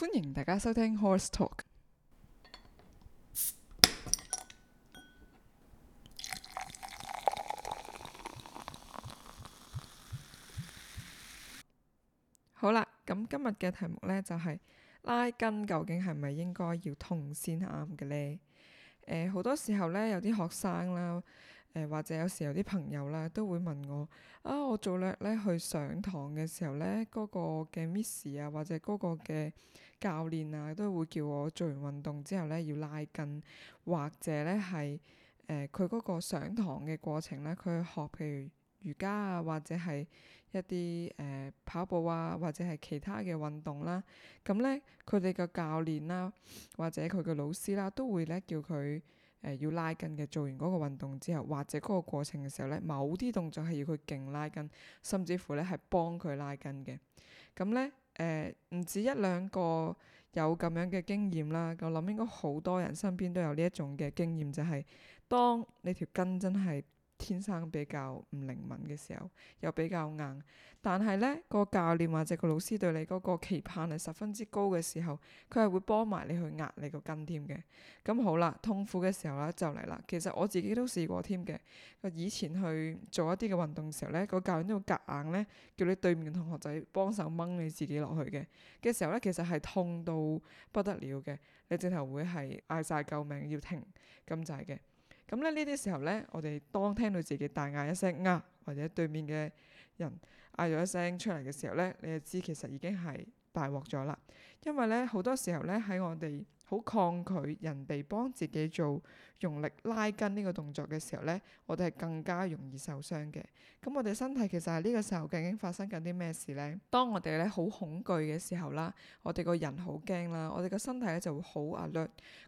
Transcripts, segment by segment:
歡迎大家收聽《Horse Talk》。好啦，咁今日嘅題目呢，就係拉筋究竟係咪應該要痛先啱嘅呢？呃，好多時候呢，有啲學生啦，誒或者有時候啲朋友啦都會問我，啊我做咧咧去上堂嘅時候咧，嗰、那個嘅 miss 啊或者嗰個嘅教練啊，都會叫我做完運動之後咧要拉筋，或者咧係誒佢嗰個上堂嘅過程咧，佢去學譬如瑜伽啊或者係一啲誒、呃、跑步啊或者係其他嘅運動啦，咁咧佢哋嘅教練啦、啊、或者佢嘅老師啦、啊、都會咧叫佢。誒、呃、要拉筋嘅，做完嗰個運動之後，或者嗰個過程嘅時候咧，某啲動作係要佢勁拉筋，甚至乎咧係幫佢拉筋嘅。咁咧，誒唔止一兩個有咁樣嘅經驗啦，我諗應該好多人身邊都有呢一種嘅經驗，就係、是、當你條筋真係。天生比較唔靈敏嘅時候，又比較硬。但係呢個教練或者個老師對你嗰個期盼係十分之高嘅時候，佢係會幫埋你去壓你個筋添嘅。咁好啦，痛苦嘅時候呢就嚟啦。其實我自己都試過添嘅。以前去做一啲嘅運動時候，時候呢，個教練都會夾硬呢叫你對面嘅同學仔幫手掹你自己落去嘅。嘅時候呢其實係痛到不得了嘅，你直頭會係嗌晒救命要停咁就係嘅。咁咧呢啲時候咧，我哋當聽到自己大嗌一聲呃，嗯啊，或者對面嘅人嗌咗一聲出嚟嘅時候咧，你就知其實已經係大鑊咗啦，因為咧好多時候咧喺我哋好抗拒人哋幫自己做用力拉筋呢個動作嘅時候咧，我哋係更加容易受傷嘅。咁我哋身體其實喺呢個時候究竟發生緊啲咩事咧？當我哋咧好恐懼嘅時候啦，我哋個人好驚啦，我哋個身體咧就會好壓力。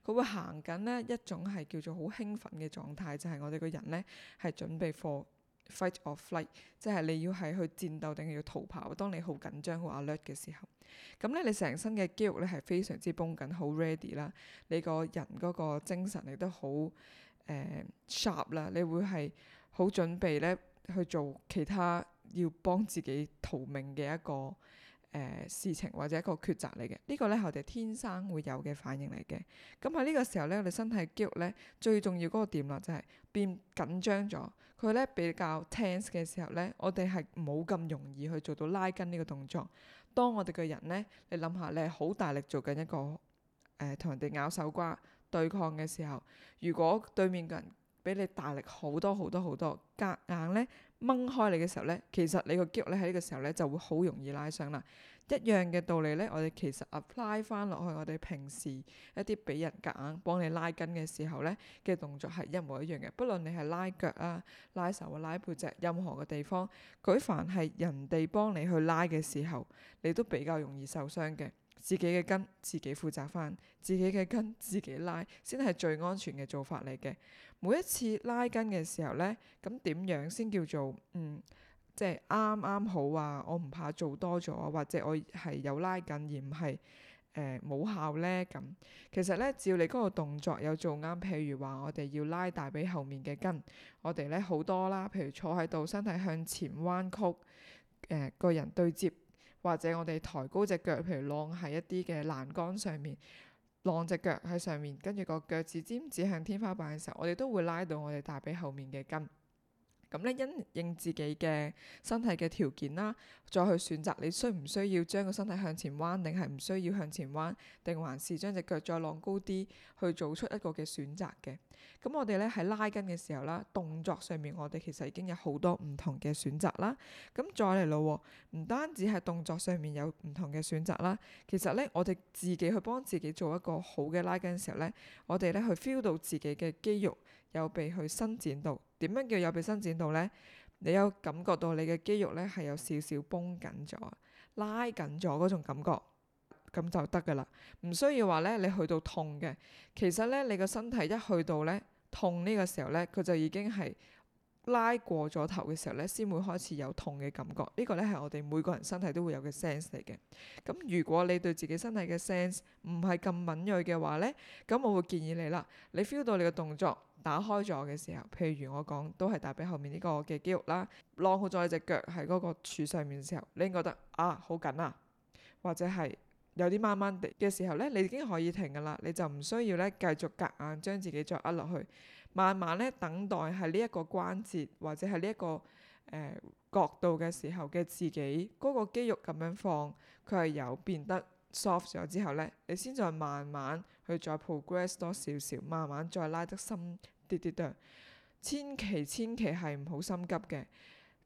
佢會行緊咧一種係叫做好興奮嘅狀態，就係、是、我哋個人咧係準備火。Fight or flight，即係你要係去戰鬥定係要逃跑。當你好緊張、好 alert 嘅時候，咁咧你成身嘅肌肉咧係非常之繃緊、好 ready 啦。你個人嗰個精神亦都好、呃、sharp 啦。你會係好準備咧去做其他要幫自己逃命嘅一個，誒、呃、事情或者一個抉擇嚟嘅，呢、這個呢係我哋天生會有嘅反應嚟嘅。咁喺呢個時候呢，我哋身體肌肉呢，最重要嗰個點啦，就係、是、變緊張咗。佢呢比較 tense 嘅時候呢，我哋係冇咁容易去做到拉筋呢個動作。當我哋個人呢，你諗下，你係好大力做緊一個誒同、呃、人哋咬手瓜對抗嘅時候，如果對面個人俾你大力好多好多好多，隔硬呢掹開你嘅時候呢，其實你個肌肉呢喺呢個時候呢就會好容易拉傷啦。一樣嘅道理呢，我哋其實 apply 翻落去我哋平時一啲俾人夾硬幫你拉筋嘅時候呢嘅動作係一模一樣嘅。不論你係拉腳啊、拉手啊、拉背脊，任何嘅地方，佢凡係人哋幫你去拉嘅時候，你都比較容易受傷嘅。自己嘅筋自己負責返，自己嘅筋自己拉，先係最安全嘅做法嚟嘅。每一次拉筋嘅時候咧，咁點樣先叫做嗯，即係啱啱好啊？我唔怕做多咗，或者我係有拉筋而唔係誒冇效咧？咁其實咧，只要你嗰個動作有做啱，譬如話我哋要拉大髀後面嘅筋，我哋咧好多啦，譬如坐喺度，身體向前彎曲，誒、呃、個人對接。或者我哋抬高隻腳，譬如晾喺一啲嘅欄杆上面，晾隻腳喺上面，跟住個腳趾尖指向天花板嘅時候，我哋都會拉到我哋大髀後面嘅筋。咁咧因應自己嘅身體嘅條件啦，再去選擇你需唔需要將個身體向前彎，定係唔需要向前彎，定還是將隻腳再晾高啲去做出一個嘅選擇嘅。咁我哋咧喺拉筋嘅時候啦，動作上面我哋其實已經有好多唔同嘅選擇啦。咁再嚟咯，唔單止係動作上面有唔同嘅選擇啦，其實咧我哋自己去幫自己做一個好嘅拉筋嘅時候咧，我哋咧去 feel 到自己嘅肌肉。有被去伸展到，點樣叫有被伸展到呢？你有感覺到你嘅肌肉咧，係有少少繃緊咗、拉緊咗嗰種感覺，咁就得噶啦。唔需要話咧，你去到痛嘅。其實咧，你個身體一去到咧痛呢個時候咧，佢就已經係拉過咗頭嘅時候咧，先會開始有痛嘅感覺。呢、這個咧係我哋每個人身體都會有嘅 sense 嚟嘅。咁如果你對自己身體嘅 sense 唔係咁敏鋭嘅話咧，咁我會建議你啦，你 feel 到你嘅動作。打開咗嘅時候，譬如我講，都係打俾後面呢個嘅肌肉啦。攬好咗一隻腳喺嗰個柱上面嘅時候，你覺得啊好緊啊，或者係有啲掹掹地嘅時候呢，你已經可以停㗎喇，你就唔需要呢繼續夾硬將自己再壓落去。慢慢呢等待係呢一個關節或者係呢一個誒、呃、角度嘅時候嘅自己嗰、那個肌肉咁樣放，佢係有變得。soft 咗之後呢，你先再慢慢去再 progress 多少少，慢慢再拉得深啲啲哚。千祈千祈係唔好心急嘅，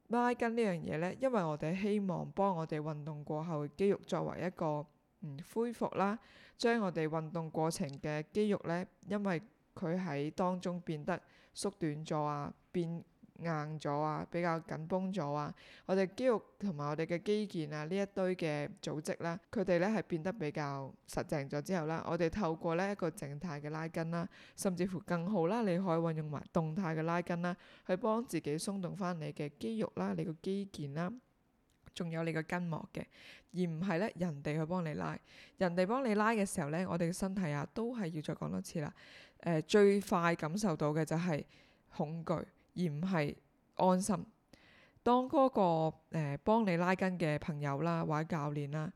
拉筋呢樣嘢呢，因為我哋希望幫我哋運動過後肌肉作為一個嗯恢復啦，將我哋運動過程嘅肌肉呢，因為佢喺當中變得縮短咗啊，變。硬咗啊，比較緊繃咗啊。我哋肌肉同埋我哋嘅肌腱啊，呢一堆嘅組織啦，佢哋咧係變得比較實淨咗之後啦，我哋透過咧一個靜態嘅拉筋啦，甚至乎更好啦，你可以運用埋動態嘅拉筋啦，去幫自己鬆動返你嘅肌肉啦、你個肌腱啦，仲有你個筋膜嘅，而唔係咧人哋去幫你拉。人哋幫你拉嘅時候咧，我哋嘅身體啊，都係要再講多次啦。誒、呃，最快感受到嘅就係恐懼。而唔係安心。當嗰個誒幫你拉筋嘅朋友啦，或者教練啦，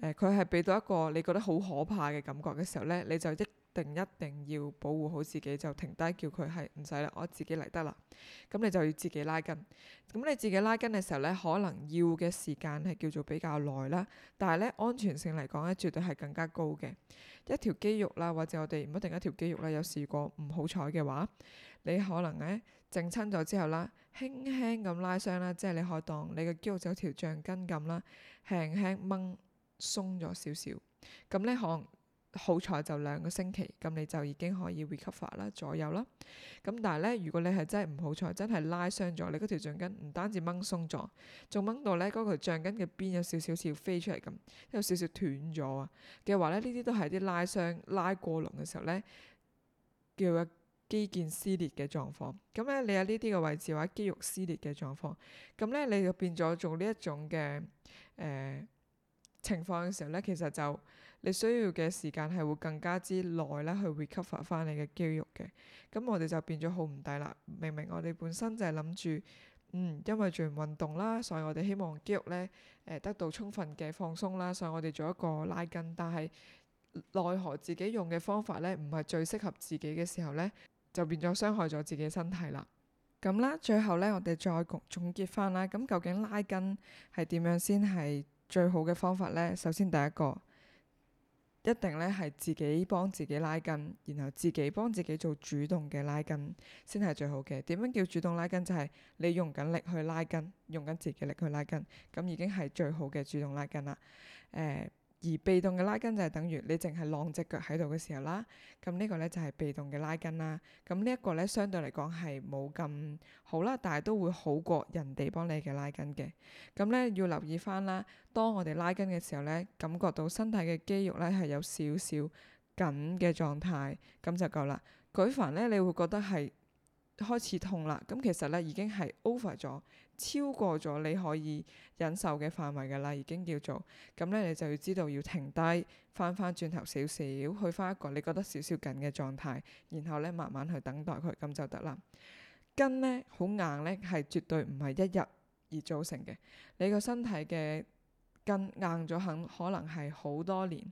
誒佢係俾到一個你覺得好可怕嘅感覺嘅時候呢，你就一定一定要保護好自己，就停低叫佢係唔使啦，我自己嚟得啦。咁你就要自己拉筋。咁你自己拉筋嘅時候呢，可能要嘅時間係叫做比較耐啦，但係呢，安全性嚟講呢，絕對係更加高嘅。一條肌肉啦，或者我哋唔一定一條肌肉啦。有試過唔好彩嘅話，你可能呢。整親咗之後啦，輕輕咁拉傷啦，即係你可以當你個肌肉有條橡筋咁啦，輕輕掹鬆咗少少。咁呢可能好彩就兩個星期，咁你就已經可以 recover 啦左右啦。咁但係呢，如果你係真係唔好彩，真係拉傷咗，你嗰條橡筋唔單止掹鬆咗，仲掹到呢嗰條橡筋嘅邊有少少似要飛出嚟咁，有少少斷咗啊嘅話呢，呢啲都係啲拉傷拉過籠嘅時候呢，叫肌腱撕裂嘅狀況，咁咧你有呢啲嘅位置嘅話，或者肌肉撕裂嘅狀況，咁咧你就變咗做呢一種嘅誒、呃、情況嘅時候咧，其實就你需要嘅時間係會更加之耐啦，去 recover 翻你嘅肌肉嘅。咁我哋就變咗好唔抵啦。明明我哋本身就係諗住，嗯，因為做完運動啦，所以我哋希望肌肉咧誒得到充分嘅放鬆啦，所以我哋做一個拉筋。但係奈何自己用嘅方法咧唔係最適合自己嘅時候咧，就變咗傷害咗自己身體啦。咁啦，最後呢，我哋再總結返啦。咁究竟拉筋係點樣先係最好嘅方法呢？首先第一個，一定呢係自己幫自己拉筋，然後自己幫自己做主動嘅拉筋，先係最好嘅。點樣叫主動拉筋？就係、是、你用緊力去拉筋，用緊自己力去拉筋，咁已經係最好嘅主動拉筋啦。誒、呃。而被動嘅拉筋就係等於你淨係晾隻腳喺度嘅時候啦，咁呢個呢，就係被動嘅拉筋啦。咁呢一個呢，相對嚟講係冇咁好啦，但係都會好過人哋幫你嘅拉筋嘅。咁呢，要留意返啦，當我哋拉筋嘅時候呢，感覺到身體嘅肌肉呢係有少少緊嘅狀態，咁就夠啦。舉凡呢，你會覺得係。開始痛啦，咁其實呢已經係 over 咗，超過咗你可以忍受嘅範圍嘅啦，已經叫做咁呢，你就要知道要停低，翻翻轉頭少少，去翻一個你覺得少少緊嘅狀態，然後呢慢慢去等待佢，咁就得啦。筋呢好硬呢，係絕對唔係一日而造成嘅，你個身體嘅。筋硬咗很，可能係好多年，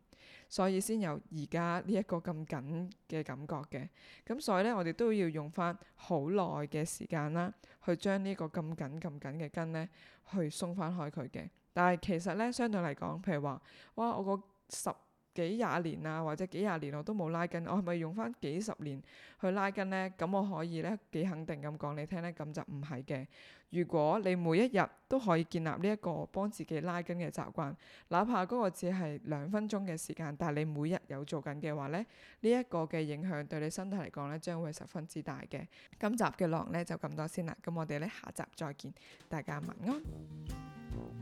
所以先有而家呢一個咁緊嘅感覺嘅。咁所以咧，我哋都要用翻好耐嘅時間啦，去將呢個咁緊咁緊嘅筋咧，去鬆翻開佢嘅。但係其實咧，相對嚟講，譬如話，哇，我個十。幾廿年啊，或者幾廿年我都冇拉筋，我係咪用返幾十年去拉筋呢？咁我可以咧幾肯定咁講你聽呢，咁就唔係嘅。如果你每一日都可以建立呢一個幫自己拉筋嘅習慣，哪怕嗰個只係兩分鐘嘅時間，但係你每日有做緊嘅話呢，呢一個嘅影響對你身體嚟講呢，將會十分之大嘅。今集嘅浪呢就咁多先啦，咁我哋呢，下集再見，大家晚安。